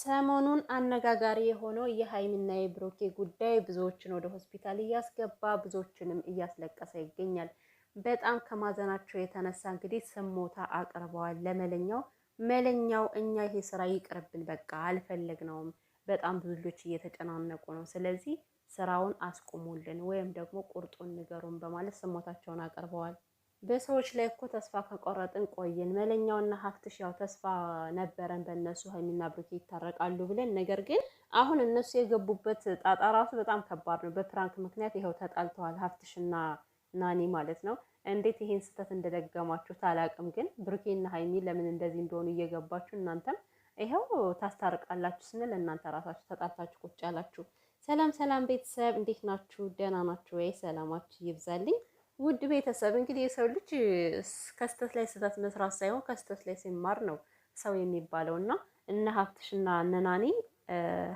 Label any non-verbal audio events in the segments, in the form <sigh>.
ሰሞኑን አነጋጋሪ የሆነው የሀይሚና የብሩኬ ጉዳይ ብዙዎችን ወደ ሆስፒታል እያስገባ ብዙዎችንም እያስለቀሰ ይገኛል። በጣም ከማዘናቸው የተነሳ እንግዲህ ስሞታ አቅርበዋል ለመለኛው። መለኛው እኛ ይሄ ስራ ይቅርብን፣ በቃ አልፈለግነውም፣ በጣም ብዙ ልጆች እየተጨናነቁ ነው፣ ስለዚህ ስራውን አስቁሙልን ወይም ደግሞ ቁርጡን ንገሩን በማለት ስሞታቸውን አቅርበዋል። በሰዎች ላይ እኮ ተስፋ ከቆረጥን ቆየን። መለኛውና ሀፍትሽ ያው ተስፋ ነበረን በእነሱ ሀይሚና ብሩኬ ይታረቃሉ ብለን፣ ነገር ግን አሁን እነሱ የገቡበት ጣጣ ራሱ በጣም ከባድ ነው። በፕራንክ ምክንያት ይኸው ተጣልተዋል፣ ሀፍትሽና ናኒ ማለት ነው። እንዴት ይሄን ስህተት እንደደገማችሁ ታላቅም፣ ግን ብሩኬና ሀይሚ ለምን እንደዚህ እንደሆኑ እየገባችሁ እናንተም ይኸው ታስታርቃላችሁ ስንል እናንተ ራሳችሁ ተጣልታችሁ ቁጭ አላችሁ ሰላም ሰላም ቤተሰብ እንዴት ናችሁ? ደህና ናችሁ ወይ? ሰላማችሁ ይብዛልኝ። ውድ ቤተሰብ እንግዲህ የሰው ልጅ ከስተት ላይ ስህተት መስራት ሳይሆን ከስተት ላይ ሲማር ነው ሰው የሚባለው እና እነ ሀብትሽና እነ ናኒ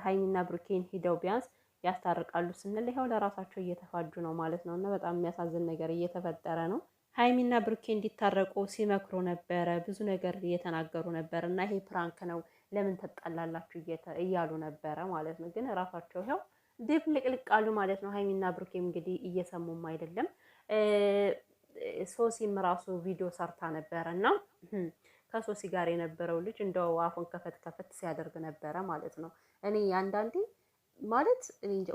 ሀይሚና ብሩኬን ሂደው ቢያንስ ያስታርቃሉ ስንል ይኸው ለራሳቸው እየተፋጁ ነው ማለት ነው። እና በጣም የሚያሳዝን ነገር እየተፈጠረ ነው። ሀይሚና ብሩኬ እንዲታረቁ ሲመክሩ ነበረ፣ ብዙ ነገር እየተናገሩ ነበር እና ይሄ ፕራንክ ነው ለምን ተጣላላችሁ እያሉ ነበረ ማለት ነው። ግን ራሳቸው ይኸው ድብልቅልቅ አሉ ማለት ነው። ሀይሚና ብሩኬም እንግዲህ እየሰሙም አይደለም ሶሲም ራሱ ቪዲዮ ሰርታ ነበረ እና <clears throat> ከሶሲ ጋር የነበረው ልጅ እንደው አፉን ከፈት ከፈት ሲያደርግ ነበረ ማለት ነው። እኔ አንዳንዴ ማለት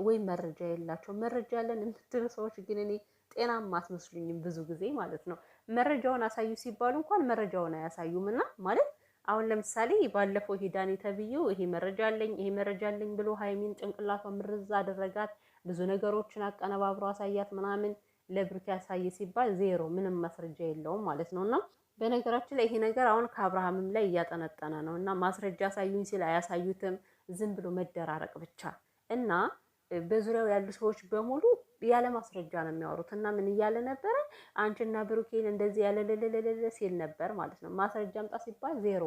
ወይም መረጃ የላቸው መረጃ ያለን የምትሉ ሰዎች ግን እኔ ጤናማ አትመስሉኝም ብዙ ጊዜ ማለት ነው። መረጃውን አሳዩ ሲባሉ እንኳን መረጃውን አያሳዩም እና ማለት አሁን ለምሳሌ ባለፈው ይሄ ዳኔ ተብዬው ይሄ መረጃ አለኝ ይሄ መረጃ አለኝ ብሎ ሀይሚን ጭንቅላቷ ምርዛ አደረጋት። ብዙ ነገሮችን አቀነባብሮ አሳያት ምናምን ለብሩክ ያሳየ ሲባል ዜሮ ምንም ማስረጃ የለውም ማለት ነው። እና በነገራችን ላይ ይሄ ነገር አሁን ከአብርሃምም ላይ እያጠነጠነ ነው እና ማስረጃ ያሳዩኝ ሲል አያሳዩትም፣ ዝም ብሎ መደራረቅ ብቻ እና በዙሪያው ያሉ ሰዎች በሙሉ ያለ ማስረጃ ነው የሚያወሩት። እና ምን እያለ ነበረ? አንቺና ብሩኬን እንደዚህ ያለለለለለ ሲል ነበር ማለት ነው። ማስረጃ አምጣ ሲባል ዜሮ።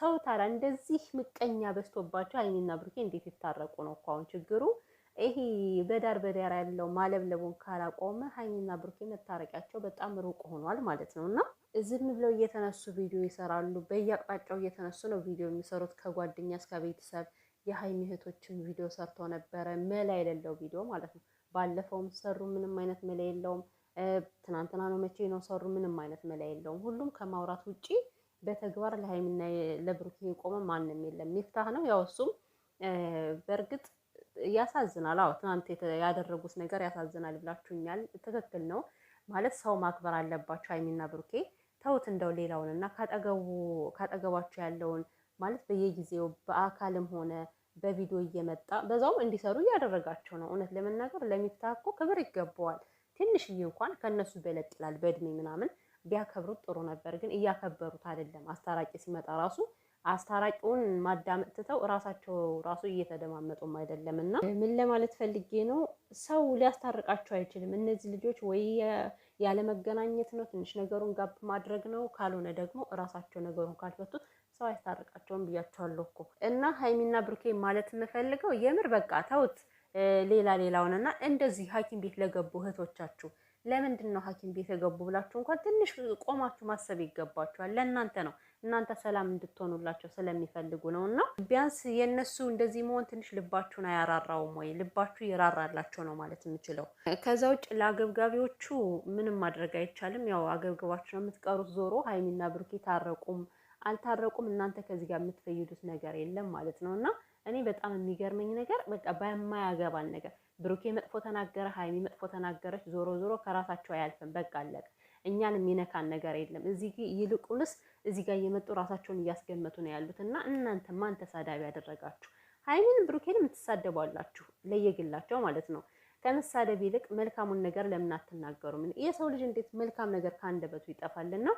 ሰው ታዲያ እንደዚህ ምቀኛ በዝቶባቸው ሀይሚና ብሩኬ እንዴት ይታረቁ ነው እኮ አሁን ችግሩ። ይሄ በዳር በዳር ያለው ማለብለቡን ካላቆመ ሀይሚና ብሩኬ መታረቂያቸው በጣም ሩቅ ሆኗል ማለት ነው። እና ዝም ብለው እየተነሱ ቪዲዮ ይሰራሉ። በየአቅጣጫው እየተነሱ ነው ቪዲዮ የሚሰሩት ከጓደኛ እስከ ቤተሰብ። የሀይሚ እህቶችን ቪዲዮ ሰርቶ ነበረ፣ መላ የሌለው ቪዲዮ ማለት ነው። ባለፈውም ሰሩ፣ ምንም አይነት መላ የለውም። ትናንትና ነው መቼ ነው ሰሩ፣ ምንም አይነት መላ የለውም። ሁሉም ከማውራት ውጪ በተግባር ለሀይሚና ለብሩኬ የቆመ ማንም የለም። ሚፍታህ ነው ያው እሱም በእርግጥ ያሳዝናል። አዎ ትናንት ያደረጉት ነገር ያሳዝናል ብላችሁኛል። ትክክል ነው ማለት ሰው ማክበር አለባቸው። ሀይሚና ብሩኬ ተውት እንደው ሌላውን እና ካጠገቡ ካጠገባቸው ያለውን ማለት በየጊዜው በአካልም ሆነ በቪዲዮ እየመጣ በዛውም እንዲሰሩ እያደረጋቸው ነው። እውነት ለመናገር ለሚፍታ እኮ ክብር ይገባዋል። ትንሽዬ እንኳን ከእነሱ በለጥላል በእድሜ ምናምን ቢያከብሩት ጥሩ ነበር፣ ግን እያከበሩት አይደለም። አስታራቂ ሲመጣ ራሱ አስታራቂውን ማዳመጥ ትተው እራሳቸው ራሱ እየተደማመጡም አይደለም። እና ምን ለማለት ፈልጌ ነው፣ ሰው ሊያስታርቃቸው አይችልም። እነዚህ ልጆች ወይ ያለመገናኘት ነው፣ ትንሽ ነገሩን ጋብ ማድረግ ነው፣ ካልሆነ ደግሞ እራሳቸው ነገሩን ካልፈቱት ሰው አያስታርቃቸውም ብያቸዋለሁ እኮ። እና ሀይሚና ብሩኬ ማለት የምፈልገው የምር በቃ ተውት ሌላ ሌላውን እና እንደዚህ ሐኪም ቤት ለገቡ እህቶቻችሁ ለምንድን ነው ሐኪም ቤት የገቡ ብላችሁ እንኳን ትንሽ ቆማችሁ ማሰብ ይገባችኋል። ለእናንተ ነው እናንተ ሰላም እንድትሆኑላቸው ስለሚፈልጉ ነው። እና ቢያንስ የነሱ እንደዚህ መሆን ትንሽ ልባችሁን አያራራውም ወይ? ልባችሁ ይራራላቸው ነው ማለት የምችለው። ከዛ ውጭ ለአገብጋቢዎቹ ምንም ማድረግ አይቻልም። ያው አገብግባችሁ ነው የምትቀሩት። ዞሮ ሀይሚና ብሩኬ ታረቁም አልታረቁም እናንተ ከዚህ ጋር የምትፈይዱት ነገር የለም ማለት ነው። እና እኔ በጣም የሚገርመኝ ነገር በቃ በማያገባን ነገር ብሩኬ መጥፎ ተናገረ፣ ሀይሚ መጥፎ ተናገረች። ዞሮ ዞሮ ከራሳቸው አያልፍም። በቃ አለቀ። እኛን የሚነካን ነገር የለም። እዚህ ይልቁንስ እዚህ ጋር እየመጡ ራሳቸውን እያስገመቱ ነው ያሉት። እና እናንተ ማን ተሳዳቢ ያደረጋችሁ? ሀይሚንም ብሩኬን የምትሳደቧላችሁ ለየግላቸው ማለት ነው። ከመሳደብ ይልቅ መልካሙን ነገር ለምን አትናገሩም? የሰው ልጅ እንዴት መልካም ነገር ከአንደበቱ ይጠፋልና